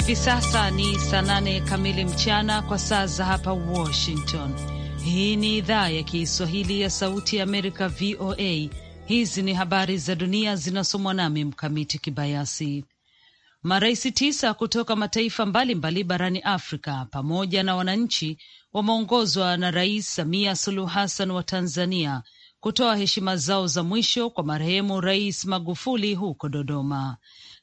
Hivi sasa ni saa nane kamili mchana kwa saa za hapa Washington. Hii ni idhaa ya Kiswahili ya Sauti ya Amerika, VOA. Hizi ni habari za dunia zinasomwa nami Mkamiti Kibayasi. Marais tisa kutoka mataifa mbalimbali mbali barani Afrika pamoja na wananchi wameongozwa na Rais Samia Suluhu Hassan wa Tanzania kutoa heshima zao za mwisho kwa marehemu Rais Magufuli huko Dodoma.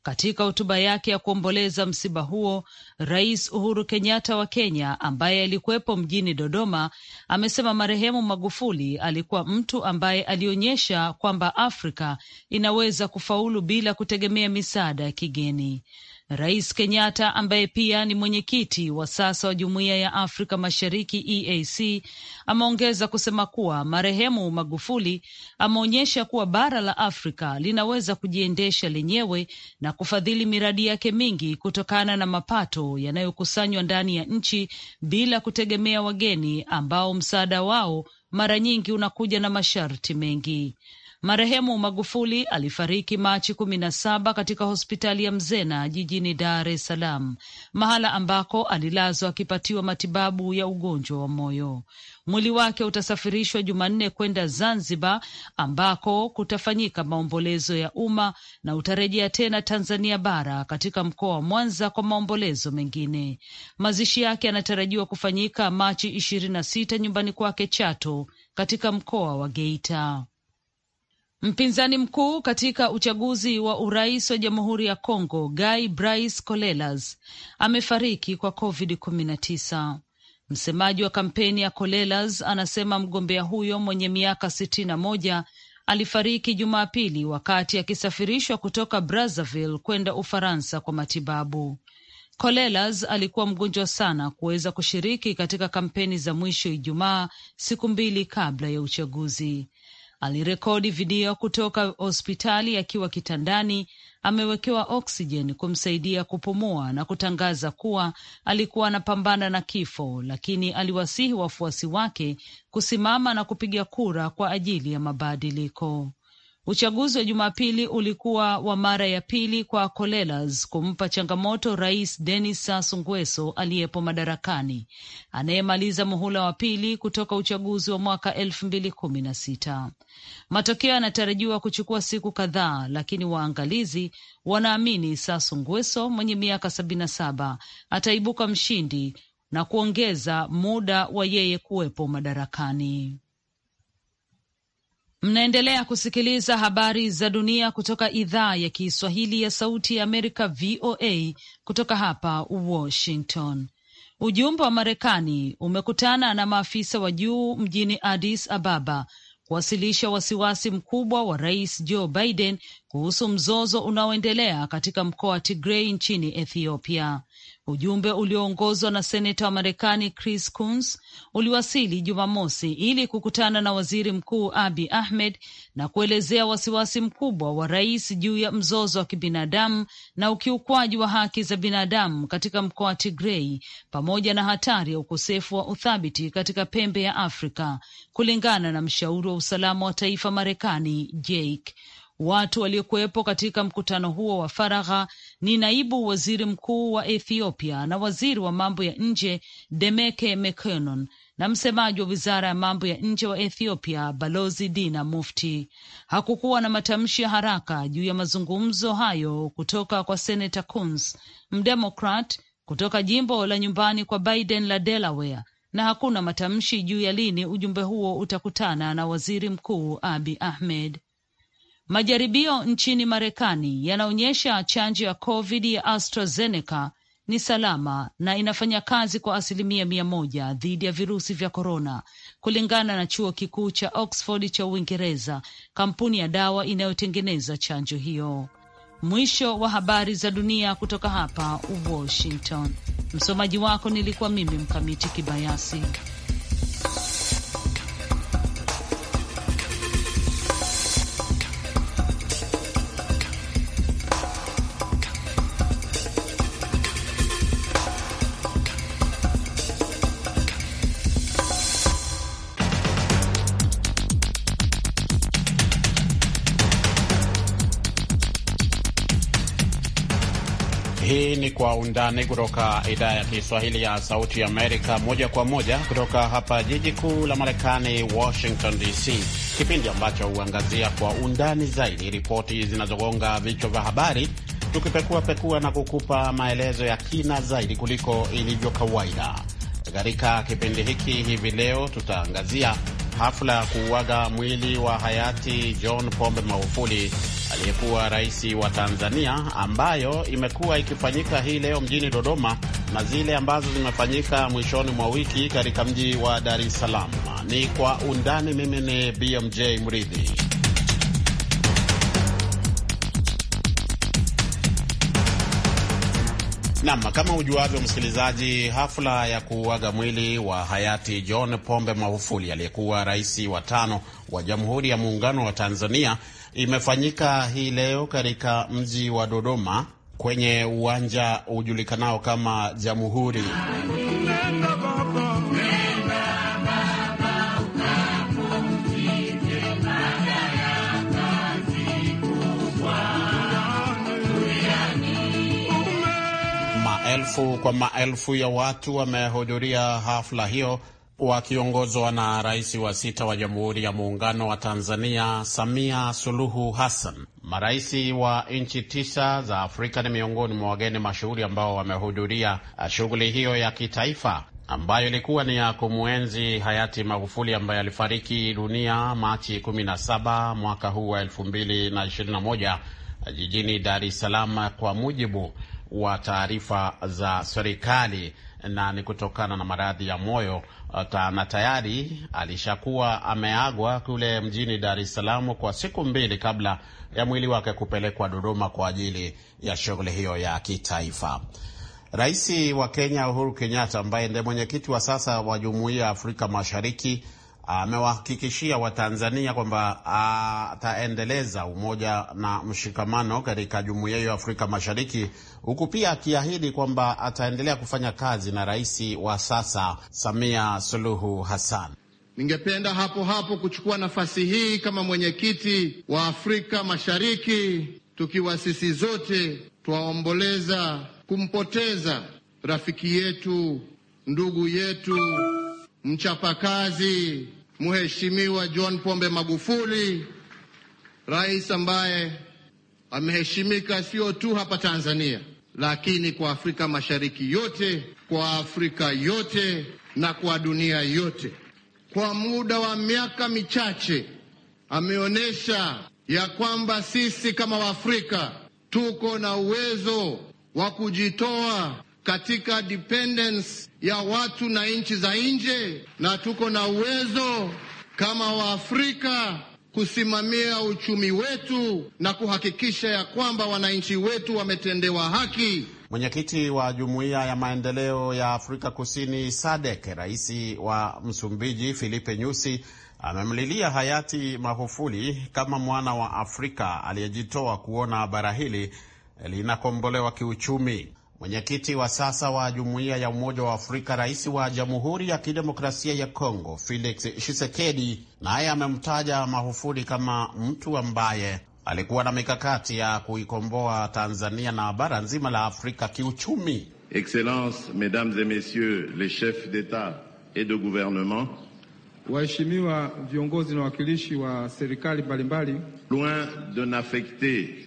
Katika hotuba yake ya kuomboleza msiba huo, Rais Uhuru Kenyatta wa Kenya ambaye alikuwepo mjini Dodoma amesema marehemu Magufuli alikuwa mtu ambaye alionyesha kwamba Afrika inaweza kufaulu bila kutegemea misaada ya kigeni. Rais Kenyatta ambaye pia ni mwenyekiti wa sasa wa Jumuiya ya Afrika Mashariki EAC ameongeza kusema kuwa marehemu Magufuli ameonyesha kuwa bara la Afrika linaweza kujiendesha lenyewe na kufadhili miradi yake mingi kutokana na mapato yanayokusanywa ndani ya nchi bila kutegemea wageni ambao msaada wao mara nyingi unakuja na masharti mengi. Marehemu Magufuli alifariki Machi kumi na saba katika hospitali ya Mzena jijini Dar es Salaam, mahala ambako alilazwa akipatiwa matibabu ya ugonjwa wa moyo. Mwili wake utasafirishwa Jumanne kwenda Zanzibar ambako kutafanyika maombolezo ya umma na utarejea tena Tanzania bara katika mkoa wa Mwanza kwa maombolezo mengine. Mazishi yake yanatarajiwa kufanyika Machi ishirini na sita nyumbani kwake Chato katika mkoa wa Geita. Mpinzani mkuu katika uchaguzi wa urais wa Jamhuri ya congo Guy Brice Colelas amefariki kwa COVID-19. Msemaji wa kampeni ya Colelas anasema mgombea huyo mwenye miaka sitini na moja alifariki Jumapili wakati akisafirishwa kutoka Brazzaville kwenda Ufaransa kwa matibabu. Colelas alikuwa mgonjwa sana kuweza kushiriki katika kampeni za mwisho Ijumaa, siku mbili kabla ya uchaguzi alirekodi video kutoka hospitali akiwa kitandani amewekewa oksijeni kumsaidia kupumua na kutangaza kuwa alikuwa anapambana na kifo, lakini aliwasihi wafuasi wake kusimama na kupiga kura kwa ajili ya mabadiliko. Uchaguzi wa Jumapili ulikuwa wa mara ya pili kwa Kolelas kumpa changamoto Rais Denis Sassou Nguesso aliyepo madarakani anayemaliza muhula wa pili kutoka uchaguzi wa mwaka elfu mbili kumi na sita. Matokeo yanatarajiwa kuchukua siku kadhaa, lakini waangalizi wanaamini Sassou Nguesso mwenye miaka sabini na saba ataibuka mshindi na kuongeza muda wa yeye kuwepo madarakani. Mnaendelea kusikiliza habari za dunia kutoka idhaa ya Kiswahili ya Sauti ya Amerika, VOA, kutoka hapa Washington. Ujumbe wa Marekani umekutana na maafisa wa juu mjini Addis Ababa kuwasilisha wasiwasi mkubwa wa Rais Joe Biden kuhusu mzozo unaoendelea katika mkoa wa Tigrei nchini Ethiopia. Ujumbe ulioongozwa na seneta wa Marekani Chris Coons uliwasili Jumamosi ili kukutana na waziri mkuu Abi Ahmed na kuelezea wasiwasi mkubwa wa rais juu ya mzozo wa kibinadamu na ukiukwaji wa haki za binadamu katika mkoa wa Tigrei pamoja na hatari ya ukosefu wa uthabiti katika pembe ya Afrika, kulingana na mshauri wa usalama wa taifa Marekani Jake Watu waliokuwepo katika mkutano huo wa faragha ni naibu waziri mkuu wa Ethiopia na waziri wa mambo ya nje Demeke Mekonnen na msemaji wa wizara ya mambo ya nje wa Ethiopia balozi Dina Mufti. Hakukuwa na matamshi ya haraka juu ya mazungumzo hayo kutoka kwa senata Coons mdemokrat kutoka jimbo la nyumbani kwa Biden la Delaware, na hakuna matamshi juu ya lini ujumbe huo utakutana na waziri mkuu Abi Ahmed. Majaribio nchini Marekani yanaonyesha chanjo ya COVID ya AstraZeneca ni salama na inafanya kazi kwa asilimia mia moja dhidi ya virusi vya korona, kulingana na chuo kikuu cha Oxford cha Uingereza, kampuni ya dawa inayotengeneza chanjo hiyo. Mwisho wa habari za dunia kutoka hapa Washington. Msomaji wako nilikuwa mimi Mkamiti Kibayasi. Kwa Undani kutoka idhaa ya Kiswahili ya Sauti Amerika, moja kwa moja kutoka hapa jiji kuu la Marekani, Washington DC, kipindi ambacho huangazia kwa undani zaidi ripoti zinazogonga vichwa vya habari, tukipekuapekua na kukupa maelezo ya kina zaidi kuliko ilivyo kawaida. Katika kipindi hiki hivi leo tutaangazia hafla ya kuuaga mwili wa hayati John Pombe Magufuli aliyekuwa rais wa Tanzania, ambayo imekuwa ikifanyika hii leo mjini Dodoma na zile ambazo zimefanyika mwishoni mwa wiki katika mji wa Dar es Salaam. Ni kwa undani. Mimi ni BMJ Mridhi. Nam, kama ujuavyo msikilizaji, hafla ya kuuaga mwili wa hayati John Pombe Magufuli aliyekuwa rais wa tano wa Jamhuri ya Muungano wa Tanzania imefanyika hii leo katika mji wa Dodoma kwenye uwanja ujulikanao kama Jamhuri. Maelfu kwa maelfu ya watu wamehudhuria hafla hiyo wakiongozwa na rais wa sita wa Jamhuri ya Muungano wa Tanzania, Samia Suluhu Hassan. Marais wa nchi tisa za Afrika ni miongoni mwa wageni mashuhuri ambao wamehudhuria shughuli hiyo ya kitaifa ambayo ilikuwa ni ya kumwenzi hayati Magufuli ambaye alifariki dunia Machi 17 mwaka huu wa 2021 jijini Dar es Salaam, kwa mujibu wa taarifa za serikali na ni kutokana na maradhi ya moyo uh, ta, na tayari alishakuwa ameagwa kule mjini Dar es Salaam kwa siku mbili kabla ya mwili wake kupelekwa Dodoma kwa ajili ya shughuli hiyo ya kitaifa. Rais wa Kenya Uhuru Kenyatta ambaye ndiye mwenyekiti wa sasa wa Jumuiya ya Afrika Mashariki amewahakikishia Watanzania kwamba ataendeleza umoja na mshikamano katika jumuiya ya Afrika Mashariki, huku pia akiahidi kwamba ataendelea kufanya kazi na rais wa sasa Samia Suluhu Hassan. Ningependa hapo hapo kuchukua nafasi hii kama mwenyekiti wa Afrika Mashariki, tukiwa sisi zote twaomboleza kumpoteza rafiki yetu, ndugu yetu, mchapakazi Mheshimiwa John Pombe Magufuli, rais ambaye ameheshimika sio tu hapa Tanzania, lakini kwa Afrika Mashariki yote, kwa Afrika yote na kwa dunia yote. Kwa muda wa miaka michache ameonyesha ya kwamba sisi kama Waafrika tuko na uwezo wa kujitoa katika dependence ya watu na nchi za nje, na tuko na uwezo kama Waafrika kusimamia uchumi wetu na kuhakikisha ya kwamba wananchi wetu wametendewa haki. Mwenyekiti wa Jumuiya ya Maendeleo ya Afrika Kusini SADC, Rais wa Msumbiji Filipe Nyusi amemlilia hayati Magufuli kama mwana wa Afrika aliyejitoa kuona bara hili linakombolewa kiuchumi. Mwenyekiti wa sasa wa Jumuiya ya Umoja wa Afrika, rais wa Jamhuri ya Kidemokrasia ya Kongo Felix Tshisekedi naye amemtaja Magufuli kama mtu ambaye alikuwa na mikakati ya kuikomboa Tanzania na bara nzima la Afrika kiuchumi. Excellences, mesdames et messieurs les chefs d'etat et de gouvernement, waheshimiwa viongozi na wakilishi wa serikali mbalimbali, loin de n'affecter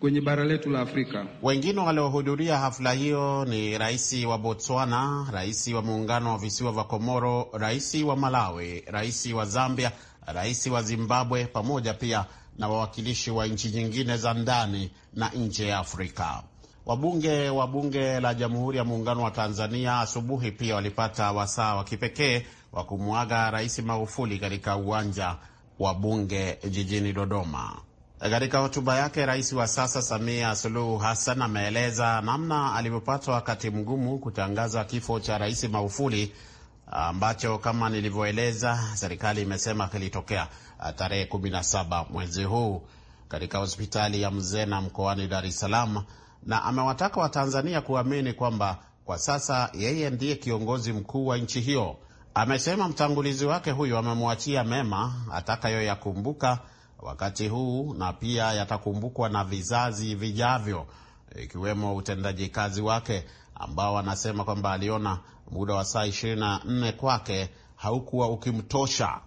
kwenye bara letu la Afrika. Wengine waliohudhuria hafla hiyo ni rais wa Botswana, rais wa muungano wa visiwa vya Komoro, rais wa Malawi, rais wa Zambia, rais wa Zimbabwe, pamoja pia na wawakilishi wa nchi nyingine za ndani na nje ya Afrika. Wabunge wa Bunge la Jamhuri ya Muungano wa Tanzania asubuhi pia walipata wasaa wa kipekee wa kumwaga Rais Magufuli katika uwanja wa Bunge jijini Dodoma. Katika hotuba yake, rais wa sasa Samia Suluhu Hassan ameeleza namna alivyopata wakati mgumu kutangaza kifo cha Rais Magufuli ambacho kama nilivyoeleza, serikali imesema kilitokea uh, tarehe 17 mwezi huu katika hospitali ya Mzena mkoani Dar es Salaam, na amewataka Watanzania kuamini kwamba kwa sasa yeye ndiye kiongozi mkuu wa nchi hiyo. Amesema mtangulizi wake huyo amemwachia mema atakayoyakumbuka wakati huu na pia yatakumbukwa na vizazi vijavyo, ikiwemo utendaji kazi wake ambao anasema kwamba aliona muda wa saa nne kwake haukuwa ukimtosha.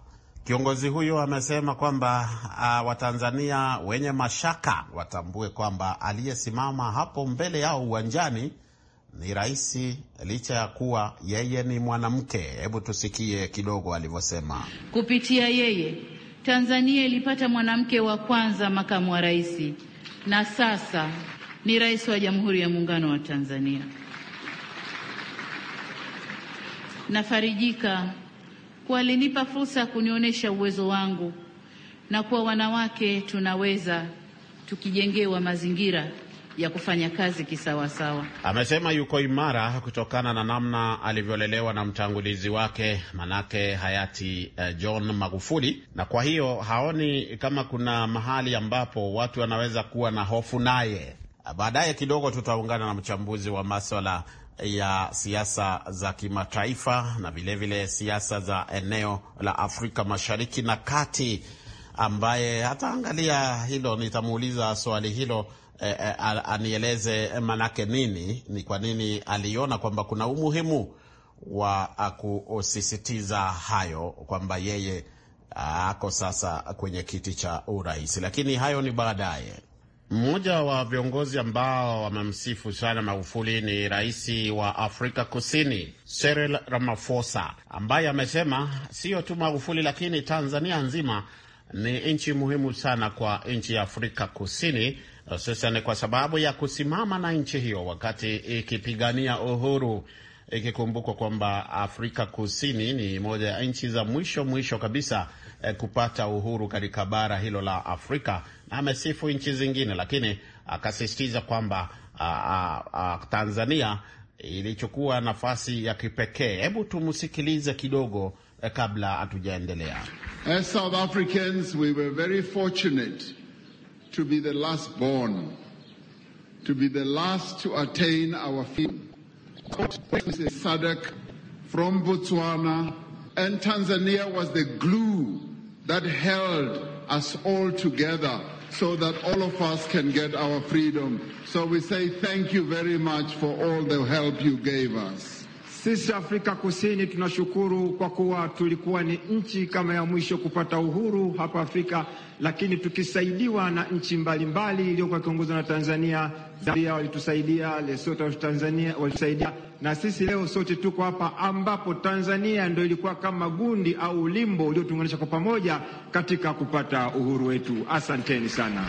Kiongozi huyo amesema kwamba uh, Watanzania wenye mashaka watambue kwamba aliyesimama hapo mbele yao uwanjani ni rais, licha ya kuwa yeye ni mwanamke. Hebu tusikie kidogo alivyosema. Kupitia yeye Tanzania ilipata mwanamke wa kwanza makamu wa rais na sasa ni rais wa Jamhuri ya Muungano wa Tanzania. Nafarijika kuwa alinipa fursa ya kunionyesha uwezo wangu na kuwa wanawake tunaweza tukijengewa mazingira ya kufanya kazi kisawasawa. Amesema yuko imara kutokana na namna alivyolelewa na mtangulizi wake manake hayati uh, John Magufuli, na kwa hiyo haoni kama kuna mahali ambapo watu wanaweza kuwa na hofu naye. Baadaye kidogo tutaungana na mchambuzi wa maswala ya siasa za kimataifa na vilevile siasa za eneo la Afrika Mashariki na Kati ambaye hataangalia hilo. Nitamuuliza swali hilo eh, eh anieleze eh, manake nini, ni kwa nini aliona kwamba kuna umuhimu wa kusisitiza hayo kwamba yeye ako sasa kwenye kiti cha urais, lakini hayo ni baadaye. Mmoja wa viongozi ambao wamemsifu sana Magufuli ni rais wa Afrika Kusini Cyril Ramaphosa, ambaye amesema sio tu Magufuli, lakini Tanzania nzima ni nchi muhimu sana kwa nchi ya Afrika Kusini, hususan kwa sababu ya kusimama na nchi hiyo wakati ikipigania uhuru, ikikumbukwa kwamba Afrika Kusini ni moja ya nchi za mwisho mwisho kabisa eh, kupata uhuru katika bara hilo la Afrika. Na amesifu nchi zingine, lakini akasisitiza kwamba Tanzania ilichukua nafasi ya kipekee. Hebu tumsikilize kidogo. Eh, kabla hatujaendelea. As South Africans, we were very fortunate to be the last born, to be the last to attain our freedom. SADC from Botswana and Tanzania was the glue that held us all together so that all of us can get our freedom. So we say thank you very much for all the help you gave us. Sisi Afrika Kusini tunashukuru kwa kuwa tulikuwa ni nchi kama ya mwisho kupata uhuru hapa Afrika, lakini tukisaidiwa na nchi mbalimbali iliyokuwa ikiongozwa na Tanzania Zambia walitusaidia, Lesotho Tanzania walitusaidia, na sisi leo sote tuko hapa, ambapo Tanzania ndio ilikuwa kama gundi au limbo uliotuunganisha kwa pamoja katika kupata uhuru wetu. Asanteni sana.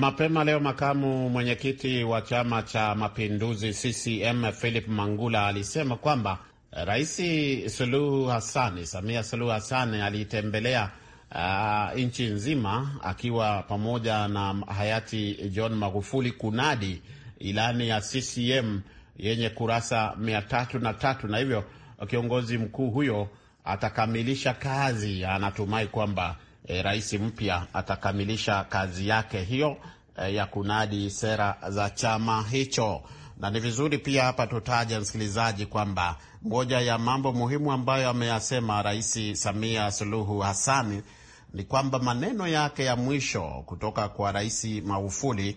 Mapema leo makamu mwenyekiti wa Chama cha Mapinduzi CCM Philip Mangula alisema kwamba Rais Suluhu Hassan, Samia Suluhu Hassan alitembelea uh, nchi nzima akiwa pamoja na hayati John Magufuli kunadi ilani ya CCM yenye kurasa mia tatu na tatu na hivyo kiongozi mkuu huyo atakamilisha kazi. Anatumai kwamba e, rais mpya atakamilisha kazi yake hiyo e, ya kunadi sera za chama hicho. Na ni vizuri pia hapa tutaja, msikilizaji, kwamba moja ya mambo muhimu ambayo ameyasema Rais Samia Suluhu Hassan ni kwamba maneno yake ya mwisho kutoka kwa Rais Magufuli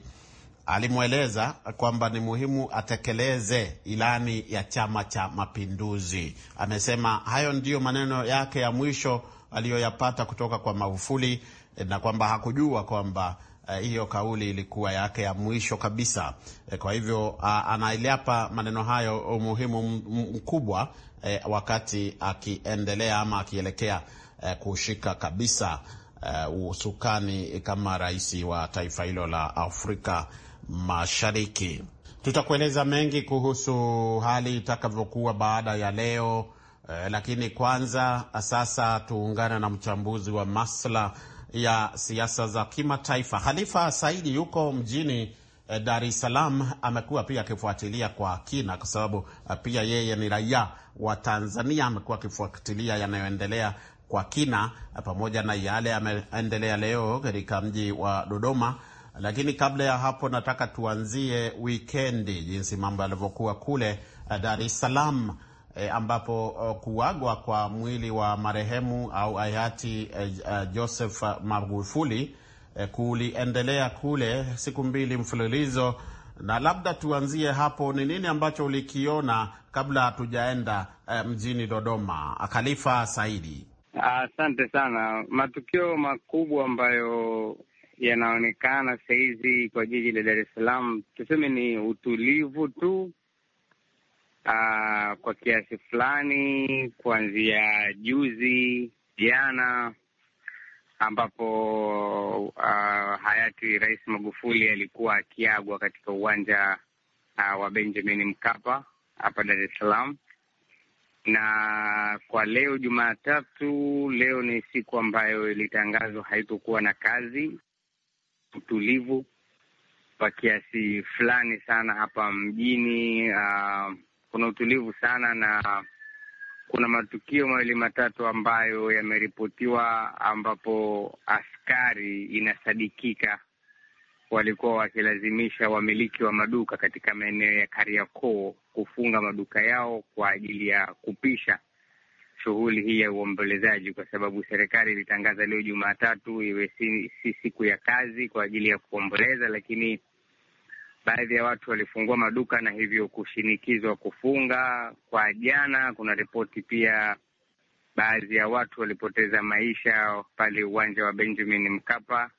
alimweleza kwamba ni muhimu atekeleze ilani ya Chama cha Mapinduzi. Amesema hayo ndiyo maneno yake ya mwisho aliyoyapata kutoka kwa Magufuli na kwamba hakujua kwamba Eh, hiyo uh, kauli ilikuwa yake ya mwisho kabisa. Eh, kwa hivyo uh, anailiapa maneno hayo umuhimu mkubwa e, wakati akiendelea ama akielekea e, kushika kabisa e, usukani kama rais wa taifa hilo la Afrika Mashariki. Tutakueleza mengi kuhusu hali itakavyokuwa baada ya leo, uh, lakini kwanza sasa tuungane na mchambuzi wa masla ya siasa za kimataifa. halifa Saidi yuko mjini eh, Dar es Salaam, amekuwa pia akifuatilia kwa kina, kwa sababu eh, pia yeye ni raia wa Tanzania. Amekuwa akifuatilia yanayoendelea kwa kina, eh, pamoja na yale yameendelea leo katika mji wa Dodoma. Lakini kabla ya hapo, nataka tuanzie wikendi, jinsi mambo yalivyokuwa kule eh, Dar es Salaam e, ambapo eh, kuagwa kwa mwili wa marehemu au hayati e, Joseph Magufuli e, kuliendelea kule siku mbili mfululizo, na labda tuanzie hapo. Ni nini ambacho ulikiona kabla hatujaenda e, mjini Dodoma? Khalifa Saidi. Asante sana. Matukio makubwa ambayo yanaonekana sahizi kwa jiji la Dar es Salaam, tuseme ni utulivu tu Ah, kwa kiasi fulani kuanzia juzi jana, ambapo aa, ah, hayati Rais Magufuli alikuwa akiagwa katika uwanja aa, ah, wa Benjamin Mkapa hapa Dar es Salaam na kwa leo Jumatatu, leo ni siku ambayo ilitangazwa haitokuwa na kazi, utulivu kwa kiasi fulani sana hapa mjini. Uh, kuna utulivu sana na kuna matukio mawili matatu ambayo yameripotiwa ambapo askari inasadikika walikuwa wakilazimisha wamiliki wa maduka katika maeneo ya Kariakoo kufunga maduka yao kwa ajili ya kupisha shughuli hii ya uombolezaji, kwa sababu serikali ilitangaza leo Jumatatu iwe si, si siku ya kazi kwa ajili ya kuomboleza, lakini baadhi ya watu walifungua maduka na hivyo kushinikizwa kufunga kwa jana. Kuna ripoti pia baadhi ya watu walipoteza maisha pale uwanja wa Benjamin Mkapa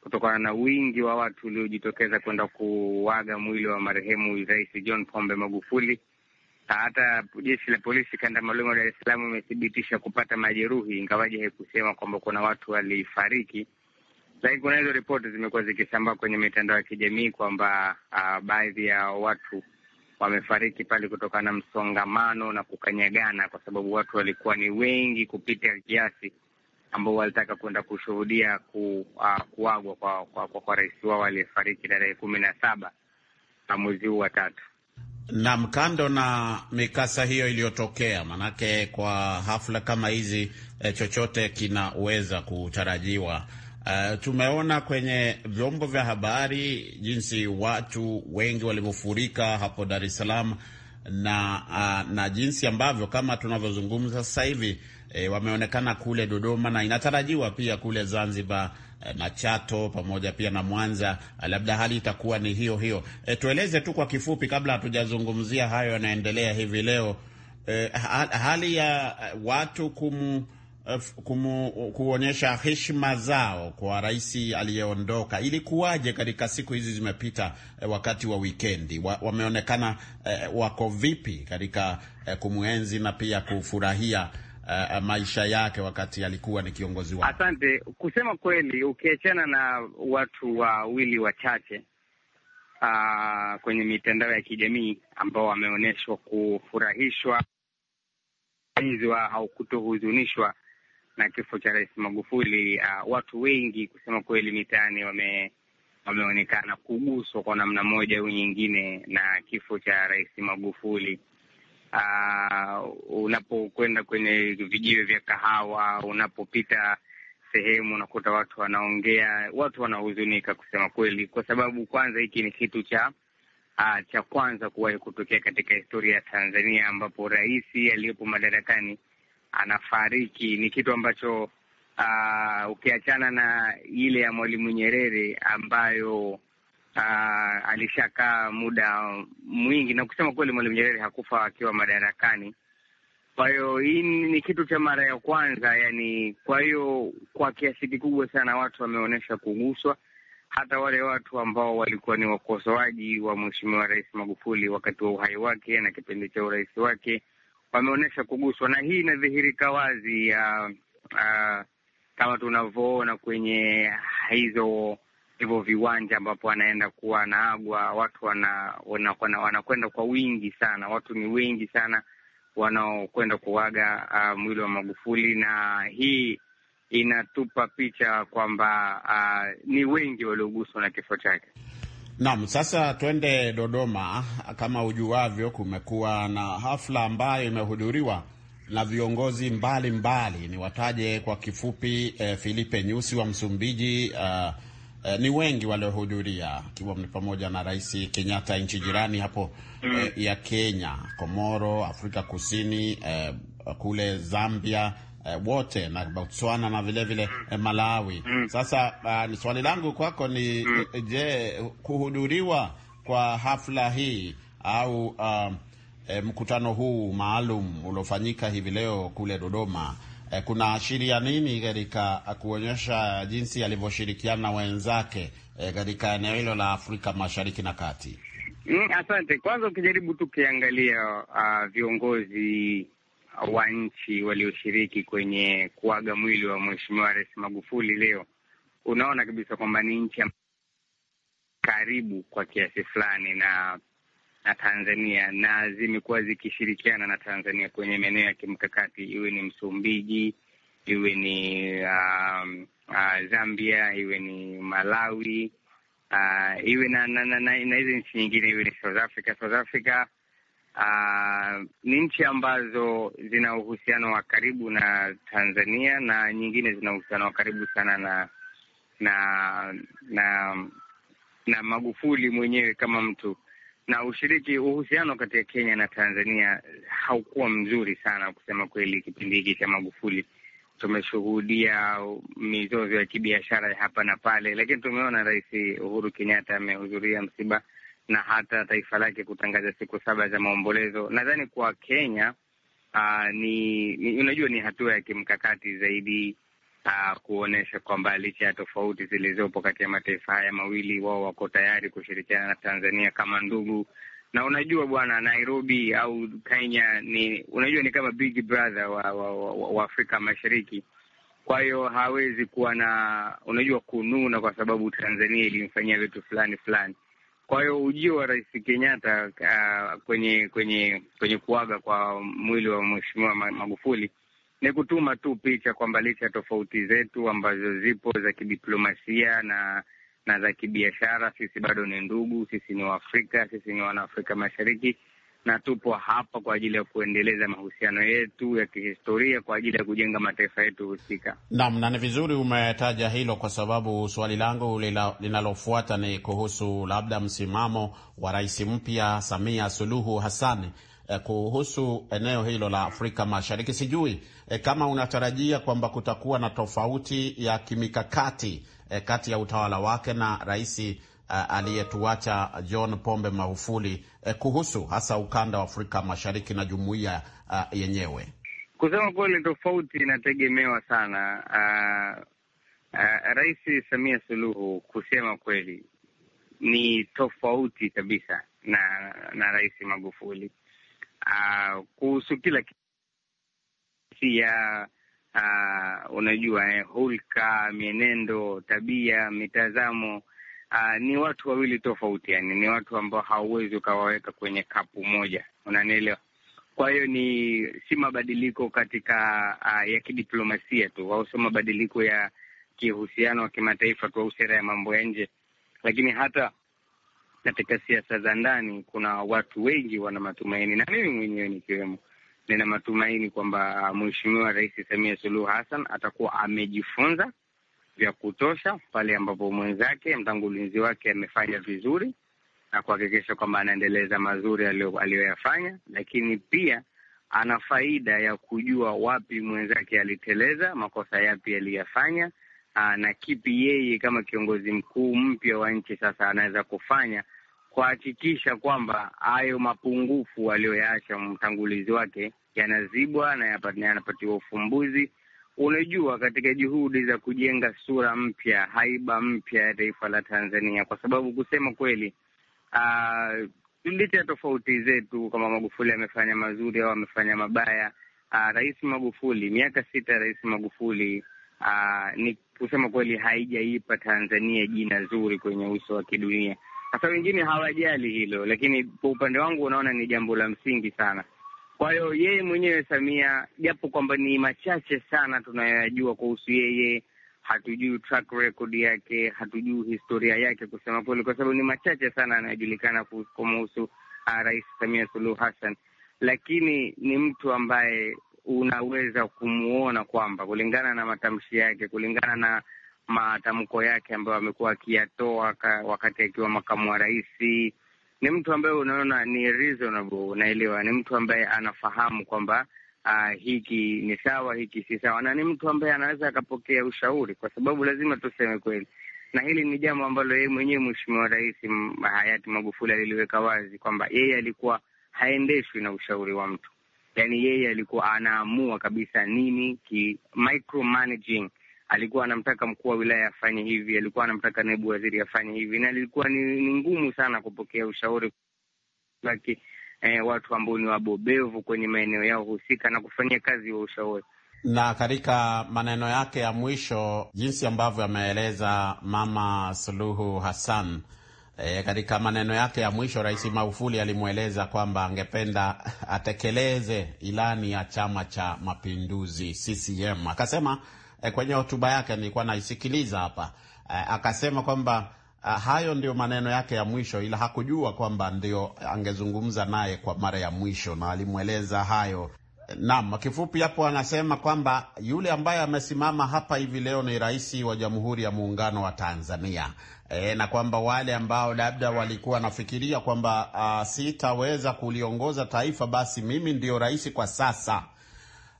kutokana na wingi wa watu uliojitokeza kwenda kuaga mwili wa marehemu Rais John Pombe Magufuli. Hata jeshi la polisi kanda maalum wa Dar es Salaam imethibitisha kupata majeruhi, ingawaje haikusema kwamba kuna watu walifariki. Lakini kuna hizo ripoti zimekuwa zikisambaa kwenye mitandao ya kijamii kwamba uh, baadhi ya watu wamefariki pale kutokana na msongamano na kukanyagana, kwa sababu watu walikuwa ni wengi kupita kiasi ambao walitaka kwenda kushuhudia ku, uh, kuagwa kwa, kwa, kwa, kwa rais wao aliyefariki tarehe kumi na saba na mwezi huu wa tatu. Na kando na mikasa hiyo iliyotokea, manake kwa hafla kama hizi eh, chochote kinaweza kutarajiwa Uh, tumeona kwenye vyombo vya habari jinsi watu wengi walivyofurika hapo Dar es Salaam na, uh, na jinsi ambavyo kama tunavyozungumza sasa hivi e, wameonekana kule Dodoma na inatarajiwa pia kule Zanzibar na Chato pamoja pia na Mwanza, labda hali itakuwa ni hiyo hiyo. E, tueleze tu kwa kifupi kabla hatujazungumzia hayo yanaendelea hivi leo. E, hali ya watu kum kumu, kuonyesha heshima zao kwa rais aliyeondoka. Ilikuwaje katika siku hizi zimepita eh, wakati wa wikendi wa, wameonekana eh, wako vipi katika eh, kumwenzi na pia kufurahia Uh, maisha yake wakati alikuwa ni kiongozi wao. Asante. Kusema kweli, ukiachana na watu wawili wachache uh, kwenye mitandao ya kijamii ambao wameonyeshwa kufurahishwa au kutohuzunishwa na kifo cha Rais Magufuli, uh, watu wengi kusema kweli mitaani wame wameonekana kuguswa kwa namna moja au nyingine na kifo cha Rais Magufuli. Uh, unapokwenda kwenye vijiwe vya kahawa, unapopita sehemu, unakuta watu wanaongea, watu wanahuzunika kusema kweli, kwa sababu kwanza hiki ni kitu cha uh, cha kwanza kuwahi kutokea katika historia ya Tanzania ambapo rais aliyepo madarakani anafariki ni kitu ambacho uh, ukiachana na ile ya Mwalimu Nyerere ambayo uh, alishakaa muda mwingi, na kusema kweli Mwalimu Nyerere hakufa akiwa madarakani. Kwa hiyo hii ni kitu cha mara ya kwanza yani. Kwa hiyo kwa kiasi kikubwa sana watu wameonyesha kuguswa, hata wale watu ambao walikuwa ni wakosoaji wa Mheshimiwa Rais Magufuli wakati wa uhai wake na kipindi cha urais wake wameonyesha kuguswa, na hii inadhihirika wazi uh, uh, kama tunavyoona kwenye hizo hivyo viwanja ambapo wanaenda kuwa naagwa watu wanakwenda wana, wana, kwa wingi sana, watu ni wengi sana wanaokwenda kuaga uh, mwili wa Magufuli, na hii inatupa picha kwamba uh, ni wengi walioguswa na kifo chake. Naam, sasa twende Dodoma. Kama ujuavyo, kumekuwa na hafla ambayo imehudhuriwa na viongozi mbalimbali. wataje kwa kifupi, eh, Filipe Nyusi wa Msumbiji, uh, eh, ni wengi waliohudhuria, ikiwa ni pamoja na Rais Kenyatta nchi jirani hapo mm. eh, ya Kenya, Komoro, Afrika Kusini, eh, kule Zambia uh, wote na Botswana na vilevile vile mm. eh, Malawi. Mm. Sasa uh, swali langu kwako ni mm. eh, je, kuhudhuriwa kwa hafla hii au uh, e, mkutano huu maalum uliofanyika hivi leo kule Dodoma e, ashiria nini katika kuonyesha jinsi alivyoshirikiana wenzake e, katika eneo hilo la Afrika Mashariki na Kati? Mm, asante. Kwanza ukijaribu tukiangalia uh, ah, viongozi wa nchi walioshiriki kwenye kuaga mwili wa Mheshimiwa Rais Magufuli leo, unaona kabisa kwamba ni nchi karibu kwa kiasi fulani na na Tanzania na zimekuwa zikishirikiana na Tanzania kwenye maeneo ya kimkakati, iwe ni Msumbiji, iwe ni um, uh, Zambia, iwe ni Malawi, uh, iwe na na, na, na, na hizi nchi nyingine, iwe ni South Africa. South Africa Uh, ni nchi ambazo zina uhusiano wa karibu na Tanzania na nyingine zina uhusiano wa karibu sana na na na na Magufuli mwenyewe kama mtu, na ushiriki uhusiano kati ya Kenya na Tanzania haukuwa mzuri sana kusema kweli. Kipindi hiki cha Magufuli tumeshuhudia mizozo ya kibiashara hapa na pale, lakini tumeona Rais Uhuru Kenyatta amehudhuria msiba na hata taifa lake kutangaza siku saba za maombolezo. Nadhani kwa Kenya uh, ni, ni unajua ni hatua ya kimkakati zaidi uh, ah, kuonyesha kwamba licha ya tofauti zilizopo kati ya mataifa haya mawili, wao wako tayari kushirikiana na Tanzania kama ndugu. Na unajua bwana, Nairobi au Kenya ni unajua ni kama big brother wa, wa, wa, wa Afrika Mashariki kwa hiyo hawezi kuwa na unajua kununa kwa sababu Tanzania ilimfanyia vitu fulani fulani. Kwa hiyo ujio wa Rais Kenyatta uh, kwenye kwenye kwenye kuaga kwa mwili wa Mheshimiwa Magufuli ni kutuma tu picha kwamba licha ya tofauti zetu ambazo zipo za kidiplomasia na na za kibiashara, sisi bado ni ndugu, sisi ni Waafrika, sisi ni Wanaafrika Mashariki, na tupo hapa kwa ajili ya kuendeleza mahusiano yetu ya kihistoria kwa ajili ya kujenga mataifa yetu husika. Naam, na ni vizuri umetaja hilo kwa sababu swali langu linalofuata ni kuhusu labda msimamo wa rais mpya Samia Suluhu Hassan eh, kuhusu eneo hilo la Afrika Mashariki. Sijui e, kama unatarajia kwamba kutakuwa na tofauti ya kimikakati e, kati ya utawala wake na rais Eh, aliyetuacha John Pombe Magufuli eh, kuhusu hasa ukanda wa Afrika Mashariki na jumuiya eh, yenyewe? Kusema kweli, tofauti inategemewa sana. Rais Samia Suluhu, kusema kweli, ni tofauti kabisa na na Rais Magufuli kuhusu kila ya unajua eh, hulka, mienendo, tabia, mitazamo Uh, ni watu wawili tofauti, yani ni watu ambao hauwezi ukawaweka kwenye kapu moja, unanielewa? Kwa hiyo ni si mabadiliko katika uh, ya kidiplomasia tu au sio mabadiliko ya kihusiano wa kimataifa tu au sera ya mambo ya nje, lakini hata katika siasa za ndani kuna watu wengi wana matumaini, na mimi mwenyewe nikiwemo, nina matumaini kwamba mweshimiwa Mheshimiwa Rais Samia Suluhu Hassan atakuwa amejifunza vya kutosha pale ambapo mwenzake mtangulizi wake amefanya vizuri na kuhakikisha kwamba anaendeleza mazuri aliyoyafanya, lakini pia ana faida ya kujua wapi mwenzake aliteleza, makosa yapi aliyafanya, na kipi yeye kama kiongozi mkuu mpya wa nchi sasa anaweza kufanya kuhakikisha kwamba hayo mapungufu aliyoyaacha mtangulizi wake yanazibwa na yanapatiwa ufumbuzi Unajua, katika juhudi za kujenga sura mpya, haiba mpya ya taifa la Tanzania, kwa sababu kusema kweli, uh, licha ya tofauti zetu, kama Magufuli amefanya mazuri au amefanya mabaya, uh, Rais Magufuli, miaka sita ya Rais Magufuli uh, ni kusema kweli haijaipa Tanzania jina zuri kwenye uso wa kidunia. Sasa wengine hawajali hilo, lakini kwa upande wangu unaona ni jambo la msingi sana. Kwa hiyo yeye mwenyewe Samia, japo kwamba ni machache sana tunayoyajua kuhusu yeye, hatujui track record yake, hatujui historia yake kusema kweli, kwa sababu ni machache sana anayojulikana kumhusu ah, Rais Samia Suluhu Hassan, lakini ni mtu ambaye unaweza kumwona kwamba kulingana na matamshi yake, kulingana na matamko yake ambayo amekuwa akiyatoa wakati akiwa makamu wa raisi ni mtu ambaye unaona ni reasonable, unaelewa, ni mtu ambaye anafahamu kwamba uh, hiki ni sawa, hiki si sawa, na ni mtu ambaye anaweza akapokea ushauri, kwa sababu lazima tuseme kweli, na hili ni jambo ambalo yeye mwenyewe Mheshimiwa Rais hayati Magufuli aliliweka wazi kwamba yeye alikuwa haendeshwi na ushauri wa mtu, yaani yeye alikuwa anaamua kabisa nini ki micromanaging alikuwa anamtaka mkuu wa wilaya afanye hivi, alikuwa anamtaka naibu waziri afanye hivi, na ilikuwa ni ngumu sana kupokea ushauri laki, eh, watu ambao ni wabobevu kwenye maeneo yao husika na kufanyia kazi wa ushauri. Na katika maneno yake ya mwisho, jinsi ambavyo ameeleza Mama Suluhu Hassan E, katika maneno yake ya mwisho Rais Magufuli alimweleza kwamba angependa atekeleze ilani ya Chama cha Mapinduzi CCM. Akasema eh, kwenye hotuba yake nilikuwa naisikiliza hapa eh, akasema kwamba eh, hayo ndio maneno yake ya mwisho, ila hakujua kwamba ndio angezungumza naye kwa mara ya mwisho, na alimweleza hayo Naam, kifupi hapo anasema kwamba yule ambaye amesimama hapa hivi leo ni rais wa Jamhuri ya Muungano wa Tanzania e, na kwamba wale ambao labda walikuwa wanafikiria kwamba ah, sitaweza kuliongoza taifa, basi mimi ndio rais kwa sasa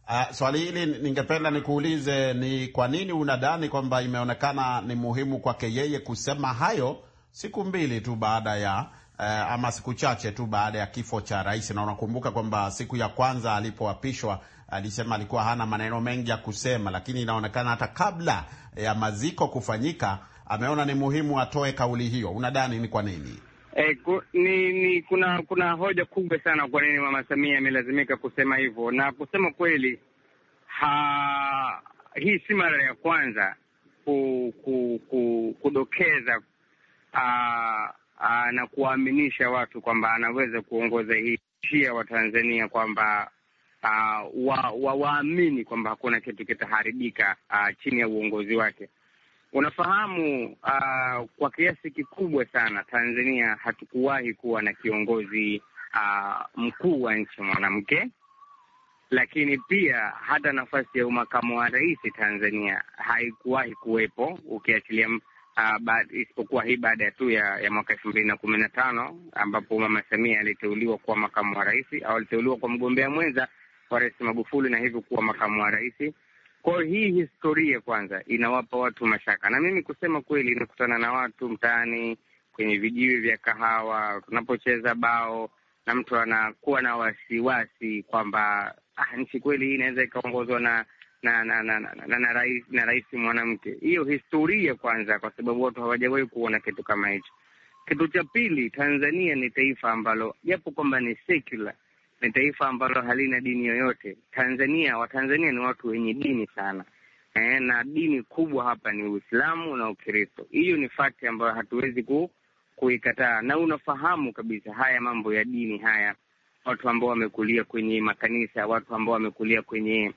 Uh, swali hili ningependa nikuulize, ni kwa nini unadhani kwamba imeonekana ni muhimu kwake yeye kusema hayo siku mbili tu baada ya uh, ama siku chache tu baada ya kifo cha rais? Na unakumbuka kwamba siku ya kwanza alipoapishwa alisema alikuwa hana maneno mengi ya kusema, lakini inaonekana hata kabla ya maziko kufanyika ameona ni muhimu atoe kauli hiyo. Unadhani ni kwa nini? Eh, ku, ni, ni kuna kuna hoja kubwa sana kwa nini Mama Samia amelazimika kusema hivyo, na kusema kweli ha, hii si mara ya kwanza ku, ku, ku, kudokeza aa, aa, na kuwaaminisha watu kwamba anaweza kuongoza hii nchi ya Watanzania kwamba wa, wa, kwamba hakuna kitu kitaharibika chini ya uongozi wake. Unafahamu uh, kwa kiasi kikubwa sana Tanzania hatukuwahi kuwa na kiongozi uh, mkuu wa nchi mwanamke, lakini pia hata nafasi ya umakamu wa rais Tanzania haikuwahi kuwepo ukiachilia uh, isipokuwa hii baada ya tu ya, ya mwaka elfu mbili na kumi na tano ambapo Mama Samia aliteuliwa kuwa makamu wa rais au aliteuliwa kwa mgombea mwenza wa Rais Magufuli na hivyo kuwa makamu wa rais kwa hiyo hii historia kwanza inawapa watu mashaka, na mimi kusema kweli, nakutana na watu mtaani, kwenye vijiwe vya kahawa, tunapocheza bao, na mtu anakuwa na wasiwasi kwamba ah, nchi kweli hii inaweza ikaongozwa na na na na na, na, na rais na mwanamke. Hiyo historia kwanza, kwa sababu watu hawajawahi kuona kitu kama hicho. Kitu cha pili, Tanzania ni taifa ambalo japo kwamba ni secular ni taifa ambalo halina dini yoyote. Tanzania, Watanzania ni watu wenye dini sana eh, na dini kubwa hapa ni Uislamu na Ukristo. Hiyo ni fakti ambayo hatuwezi ku, kuikataa, na unafahamu kabisa haya mambo ya dini haya, watu ambao wamekulia kwenye makanisa, watu ambao wamekulia kwenye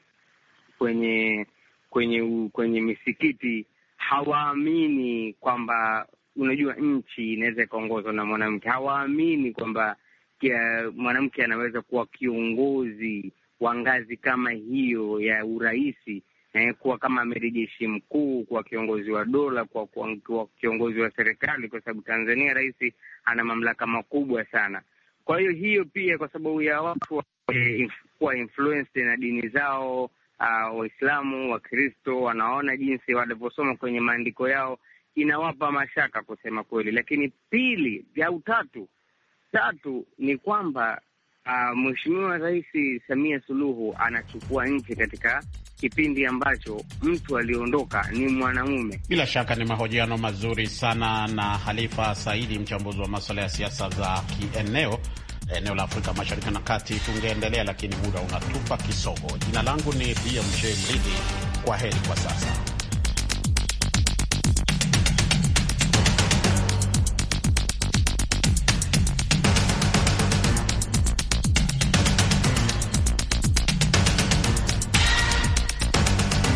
kwenye kwenye kwenye misikiti hawaamini kwamba unajua nchi inaweza ikaongozwa na mwanamke, hawaamini kwamba mwanamke anaweza kuwa kiongozi wa ngazi kama hiyo ya urahisi eh, kuwa kama amiri jeshi mkuu, kuwa kiongozi wa dola, kuwa, kuwa, kuwa kiongozi wa serikali, kwa sababu Tanzania rais ana mamlaka makubwa sana. Kwa hiyo hiyo pia kwa sababu ya watu eh, kuwa influenced na dini zao Uh, Waislamu, Wakristo wanaona jinsi walivyosoma kwenye maandiko yao, inawapa mashaka kusema kweli. Lakini pili au tatu, Tatu ni kwamba uh, Mheshimiwa Rais Samia Suluhu anachukua nchi katika kipindi ambacho mtu aliondoka ni mwanamume. Bila shaka ni mahojiano mazuri sana na Halifa Saidi, mchambuzi wa maswala ya siasa za kieneo eneo la Afrika Mashariki na Kati. Tungeendelea lakini muda unatupa kisogo. Jina langu ni BMJ Mridhi, kwa heri kwa sasa.